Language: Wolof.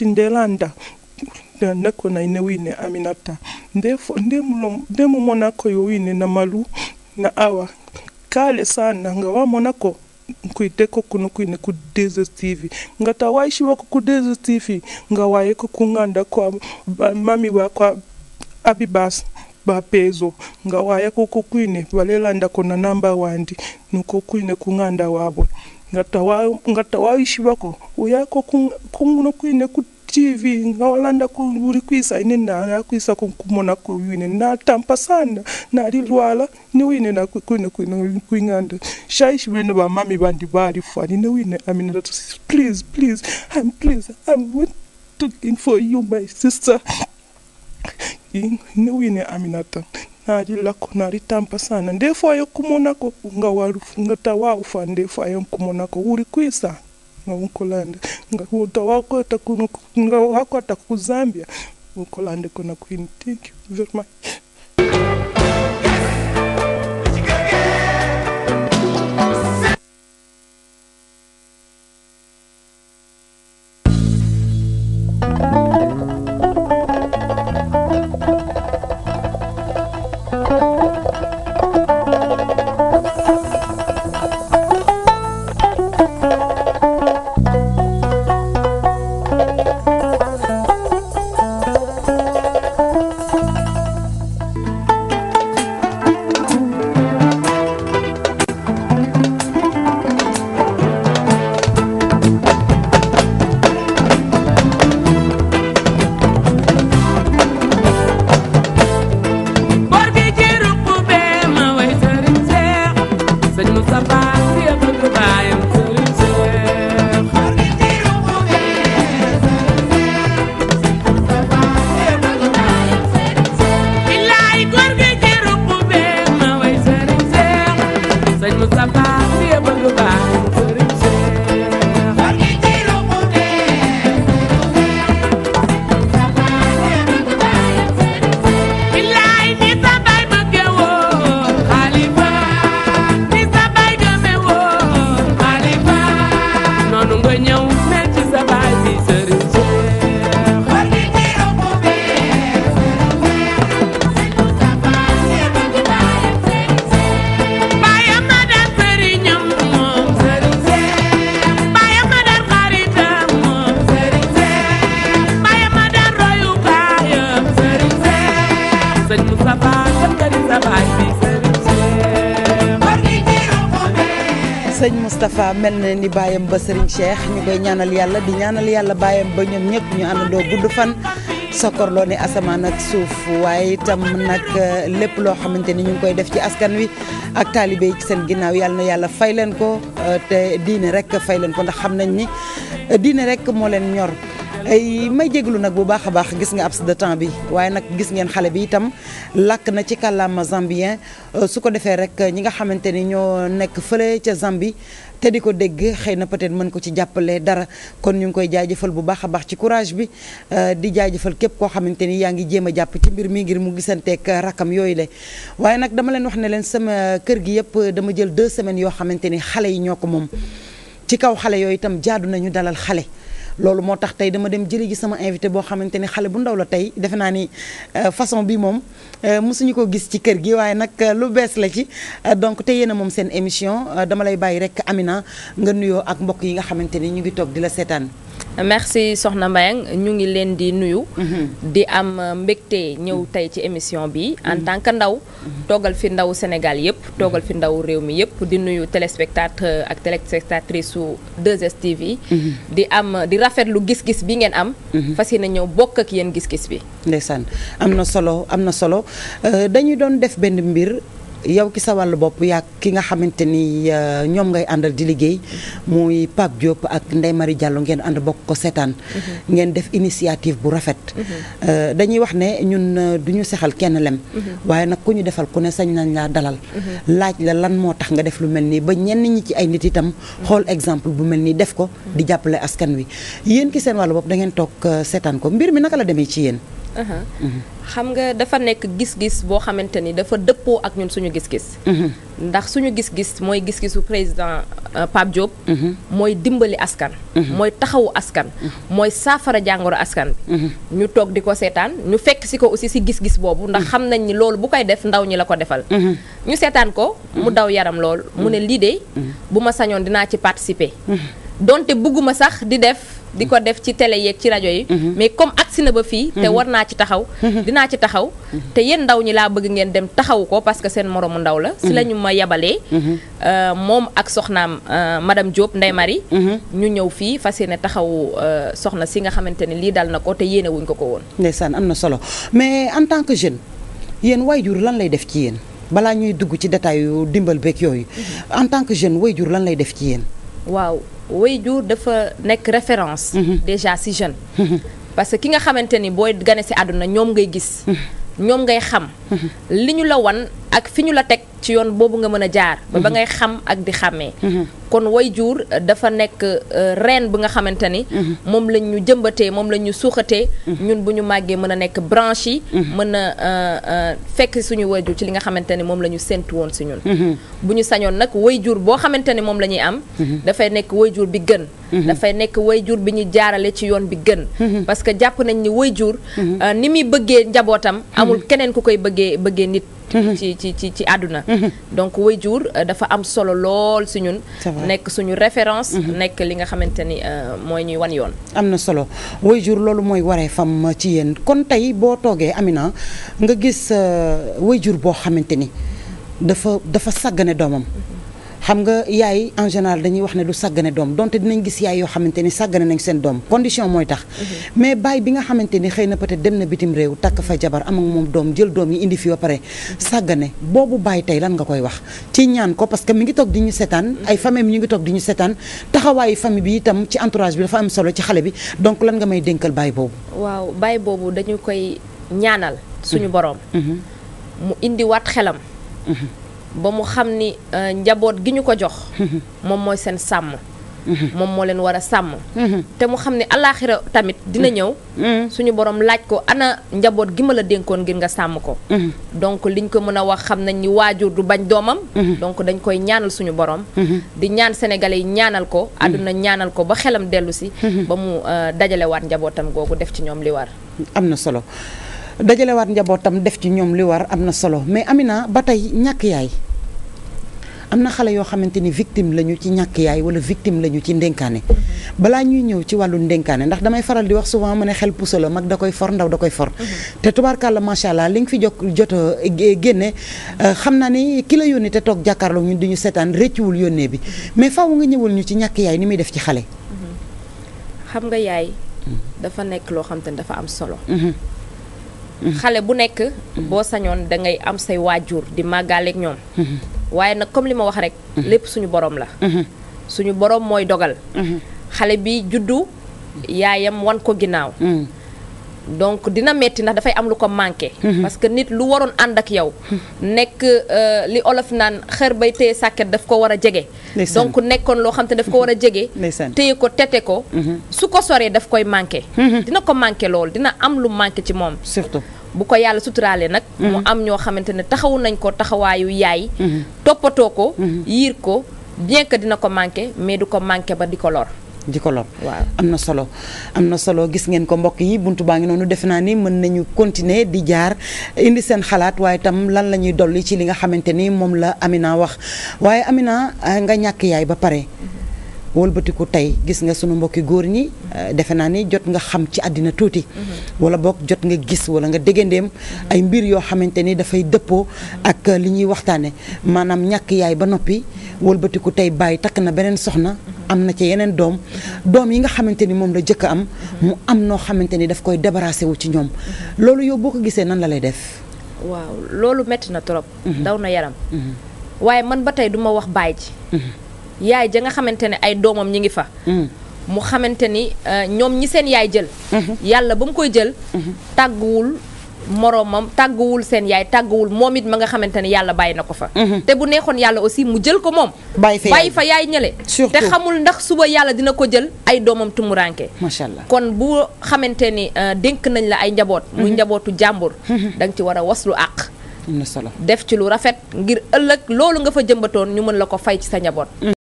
tindelanda na ndako na ye na malu na awa kale sana nga wa monako kuno kuine ku dezo stivi ngata waishi ku dezo stivi nga wayeko kung'anda kwa mami wakwa abibas bapeezo nga waayako kokwine balelandako na namba wandi nuko kwine kung'anda waabwe nga tawaishivako uyako kunguno kwine ku tv nga walandako uri kuisa ine ndana yakuisa kumona kuwine natampa nalilwala niwine nakwine kuing'anda shaishi vene vamami vandi valifani niwine amina please please I'm, please i'm talking for you my sister nowine aminata nalilakonali tampa sana ndefu ayokumonako nga walufu nga tawaufa ndefu ayokumonako uli kwisa nga unkolande nga tawakweta ku zambia unkolande kona kwini thank you very much sëñ Moussa mel na ni bàyyam ba Serigne Cheikh ñu koy ñaanal yàlla di ñaanal yàlla bàyyam ba ñoom ñëpp ñu àndandoo gudd fan sokkorloo ni asamaan ak suuf waaye itam nag eh, lépp loo xamante ni ñu ngi koy def ci askan wi ak taalibe yi ci seen ginnaaw yàlla na yàlla fay leen ko eh, te diine rek fay leen ko ndax xam nañ ni eh, diine rek moo leen ñor. may jéglu nag bu baax a baax gis nga abs de temps bi waaye nag gis ngeen xale bi itam làkk na ci kàllaama zambien euh, su ko defee rek ñi nga xamante ni ñoo nekk fële ca Zambie te di ko dégg xëy na peut-être mën ko ci jàppale dara kon ñu ngi koy jaajëfal bu baax a baax ci courage bi euh, di jaajëfal képp koo xamante ni yaa ngi jéem a jàpp ci mbir mi ngir mu gisanteeg rakam yooyu le waaye nag dama leen wax ne leen sama kër gi yëpp dama jël deux semaines yoo xamante ni xale yi ñoo ko moom ci kaw xale yooyu itam jaadu nañu dalal xale loolu moo tax tey dama dem jëli ji sama invité boo xamante ni xale bu ndaw la tey defe naa ni euh, façon bi moom euh, mosuñu ko gis ci kër gi waaye nag euh, lu bees la ci donc te yéen a moom seen émission dama lay bàyyi rek na nga nuyoo ak mbokk yi nga xamante ni ñu ngi toog di la seetaan. merci Soxna Mbayang ñu ngi leen di nuyu. Mhm. di am mbégte ñëw tey ci émission bi en mhm. tant que ndaw. Mhm. toogal fi ndaw Sénégal yëpp toogal fi ndaw réew mi yëpp di nuyu téléspectateur ak téléspectatrice su 2STV. di am di rafetlu gis-gis bi ngeen am. fas yéene ñëw bokk ak yéen gis-gis bi. ndeysaan am na solo am na solo euh, dañuy doon def benn mbir. yow ki sa wàllu bopp yaa ki nga xamante ni euh, ñoom ngay àndal di liggéey muy Pape Diop ak Ndeye Marie Diallo ngeen ànd bokk ko seetaan. Mhm. ngeen def initiative bu rafet. Mhm. Euh, dañuy wax ne ñun euh, du ñu sexal kenn lem. Mhm. waaye nag ku ñu defal ku ne sañ nañ laa dalal. laaj la lan moo tax nga def lu mel nii ba ñenn ñi ci ay nit itam. xool exemple bu mel nii def ko. di jàppale askan wi yéen ki seen wàllu bopp dangeen toog seetaan ko mbir mi naka la demee ci yéen. xam nga dafa nekk gis-gis boo xamante ni dafa dëppoo ak ñun suñu gis-gis. ndax suñu gis-gis mooy gis-gisu président euh, Pape Diop. mooy dimbali askan. mooy taxawu askan. mooy saafara jàngoro askan bi. ñu toog di ko seetaan ñu fekk si ko aussi si gis-gis boobu ndax xam nañ ni loolu bu koy def ndaw ñi la ko defal. ñu seetaan ko mu daw yaram lool mu ne lii de bu ma sañoon dinaa ci participer. donte bugguma sax di def di ko def ci télé yeeg ci rajo yi mhm. mais comme agsi na ba fii te mhm. war naa ci taxaw mhm. dinaa ci taxaw te yéen ndaw ñi laa bëgg ngeen dem taxaw ko parce que seen moroomu ndaw la si la ñu ma yabalee euh, moom ak soxnaam euh, madam Diop Ndeye Marie ñu ñëw fii fas yéene taxaw euh, soxna si nga xamante ne lii dal na ko te yéene ko ko woon ndeysaan am na solo mais en tant que jeune yéen jur lan lay def ci yéen balaa ñuy dugg ci détail yu dimbal beeg yooyu en tant que jeune waajur lan lay def ci yéen way waajur dafa nekk référence. Mhm. déjà si jeune. Mhm. parce que ki nga xamante ni booy gane si àdduna ñoom ngay gis. Mhm. ñoom ngay xam. li ñu la won ak fi ñu la teg. ci yoon boobu nga mën a jaar. ba mhm. ba ngay xam ak di xàmmee. Mhm. kon waajur euh, dafa nekk euh, reen bu nga xamante ni. Mhm. moom lañ ñu jëmbatee moom lañ ñu suuxatee. ñun bu ñu màggee mën a nekk branche yi. mën a euh, fekk suñu waajur ci li nga xamante ni moom la ñu séntu woon si ñun. bu ñu sañoon nag jur boo xamante ni moom la ñuy am. dafay nekk jur bi gën. dafay nekk jur bi ñu jaarale ci yoon bi gën. parce que jàpp nañ ni jur ni muy bëggee njabootam. amul keneen ku koy bëggee bëggee nit. Mhm. ci ci ci ci àdduna mhm. donc waajur euh, dafa am solo lool si ñun nekk suñu référence mhm. nekk li nga xamante ni euh, mooy ñuy wan yoon am na solo waajur loolu mooy waree fam ci yéen kon tey boo toogee Amina nga gis euh, waajur boo xamante ni dafa dafa sàggane doomam xam nga yaay en général dañuy wax ne du sàggane doom donte dinañ gis yaay yoo xamante ni sàggane nañ seen doom condition mooy tax mhm. mais baay bi nga xamante ni xëy na peut-être dem na bitim réew takk fa jabar am moom doom jël doom yi indi fi ba pare mhm. sàggane boobu baay tey lan nga koy wax ci ñaan ko parce que mi ngi toog di ñu seetaan mhm. ay famille mi ñu ngi toog di ñu seetaan taxawaayu famille bi itam ci entourage bi dafa am solo ci xale bi donc lan nga may dénkal baay boobu waaw baay boobu dañu koy ñaanal suñu boroom mu indiwaat xelam ba mu xam ni euh, njaboot gi ñu ko jox moom mooy seen sàmm moom moo leen war a sàmm te mu xam ne alaaxira tamit dina ñëw mm. suñu borom laaj ko ana njaboot gi ma la dénkoon ngir nga sàmm ko donc ñu ko mën a wax xam nañ ni waajur du bañ doomam donc dañ koy ñaanal suñu borom di ñaan sénégalais yi ñaanal ko àdduna ñaanal ko ba xelam dellu si ba mu euh, dajalewaat njabootam googu def ci ñoom li war am na solo dajalewaat njabootam def ci ñoom li war am na solo mais Amina ba tey ñàkk yaay am na xale yoo xamante ni victime lañu ci ñàkk yaay wala victime lañu ci ndénkaane balaa ñuy ñëw ci wàllu ndénkaane ndax damay faral di wax souvent ma ne xel puso mag da koy for ndaw da koy for mhm. te tubaarkàlla macha allah li nga fi jot jot a eh, génne eh, xam naa ni ki la yónnee te toog jàkkaarloo ñun di ñu seetaan rëccuwul yónnee bi mhm. mais faaw nga ñëwal ñu ci ñàkk yaay ni muy def ci xale. Mhm. xam nga yaay dafa nekk loo xam te ne dafa am solo. xale bu nekk boo sañoon da ngay am say waajur di màggaaleeg ñoom waaye nag comme li ma wax rek lépp suñu boroom la suñu borom mooy dogal xale bi juddu yaayam wan ko ginnaaw donc dina metti ndax dafay am lu ko manqué. Mhm. parce que nit lu waroon ànd ak yow. nekk euh, li olof naan xër bay téye sàkket daf ko war a jege. donc nekkoon loo xam ne daf ko war a jege. téye ko tete ko. Mhm. su ko soree daf koy manqué. Mhm. dina ko manqué lool dina am lu manqué ci moom. surtout bu ko yàlla suturaalee nag. mu am ñoo xamante ne taxawu nañ ko taxawaayu yaay. toppatoo ko. yiir ko bien que dina ko manqué mais du ko manqué ba di ko lor. di ko lor waaw am na solo am na solo gis ngeen ko mbokk yi bunt baa ngi noonu defe naa ni mën nañu continuer di jaar indi seen xalaat waaye tam lan la ñuy dolli ci li nga xamante ni moom la Amina wax waaye Amina eh, nga ñàkk yaay ba pare walbatiku tey gis nga sunu mbokki góor ñi eh, defe naa ni jot nga xam ci àddina tuuti mm-hmm. wala boog jot nga gis wala nga déggandeem mm-hmm. ay mbir yoo xamante ni dafay dëppoo ak eh, li ñuy waxtaane maanaam ñàkk yaay ba noppi walbatiku tey bàyyi takk na beneen soxna am na ci yeneen doom doom yi nga xamante ni moom la jëkk am mu am noo xamante ni daf koy débarrassé wu ci ñoom loolu yow boo ko gisee nan la lay def waaw loolu metti na trop ndaw mhm. na yaram mhm. waaye man ba tey duma wax baay ji mhm. yaay ja nga xamante ne ay doomam ñi ngi fa mu xamante ni euh, ñoom ñi seen yaay jël yàlla ba mu koy jël tàgguwul moroomam tàgguwul seen yaay tàgguwul moom it ma nga xamante ni yàlla bàyyi na ko fa mhm. te bu neexoon yàlla aussi mu jël ko moom bàyyi fa yaay ñële te xamul ndax suba yàlla dina ko jël ay doomam tumuranke macha allah kon bu xamante ni euh, dénk nañ la ay njaboot mhm. muy njabootu jàmbur mhm. da nga ci war a was lu àq def ci lu rafet ngir ëllëg loolu nga fa jëmbatoon ñu mën la ko fay ci sa njaboot